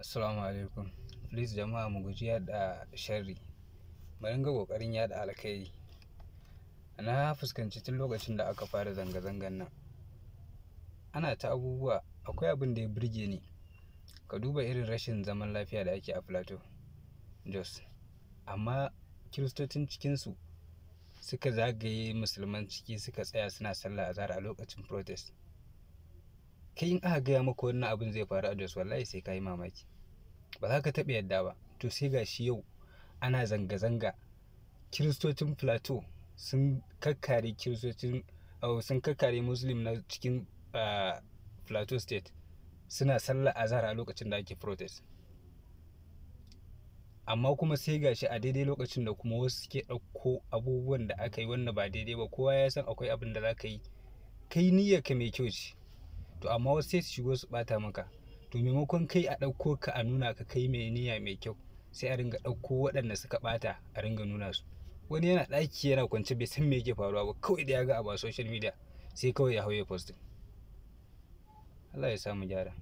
Assalamu alaikum. Please jama'a mu guji yada sharri. Mu dinga ƙoƙarin yada alkhairi. Na fuskanci tun lokacin da aka fara zanga-zangan nan. Ana ta abubuwa akwai abin da ya burge ni. Ka duba irin rashin zaman lafiya da ake a Plateau. Jos. Amma kiristocin cikin su suka zagaye musulman ciki suka tsaya suna sallah azhar a lokacin protest. kai in aka gaya maka wannan abin zai faru a Jos wallahi sai ka yi mamaki ba za ka taɓa yadda ba to sai ga shi yau ana zanga-zanga kiristocin plateau sun kakkare kiristocin sun kakkare muslim na cikin plateau state suna sallar azhar a lokacin da ake protest amma kuma sai gashi a daidai lokacin da kuma wasu suke ɗauko abubuwan da aka yi wanda ba daidai ba kowa ya san akwai abin da za ka yi kai niyyarka mai kyau ce to amma wasu sai su shigo su bata maka to maimakon kai a ɗauko ka a nuna ka kai mai niyya mai kyau sai a ringa ɗauko waɗanda suka bata a ringa nuna su wani yana ɗaki yana kwance bai san me yake faruwa ba kawai da ya ga a ba social media sai kawai ya hau ya posting Allah ya samu gyara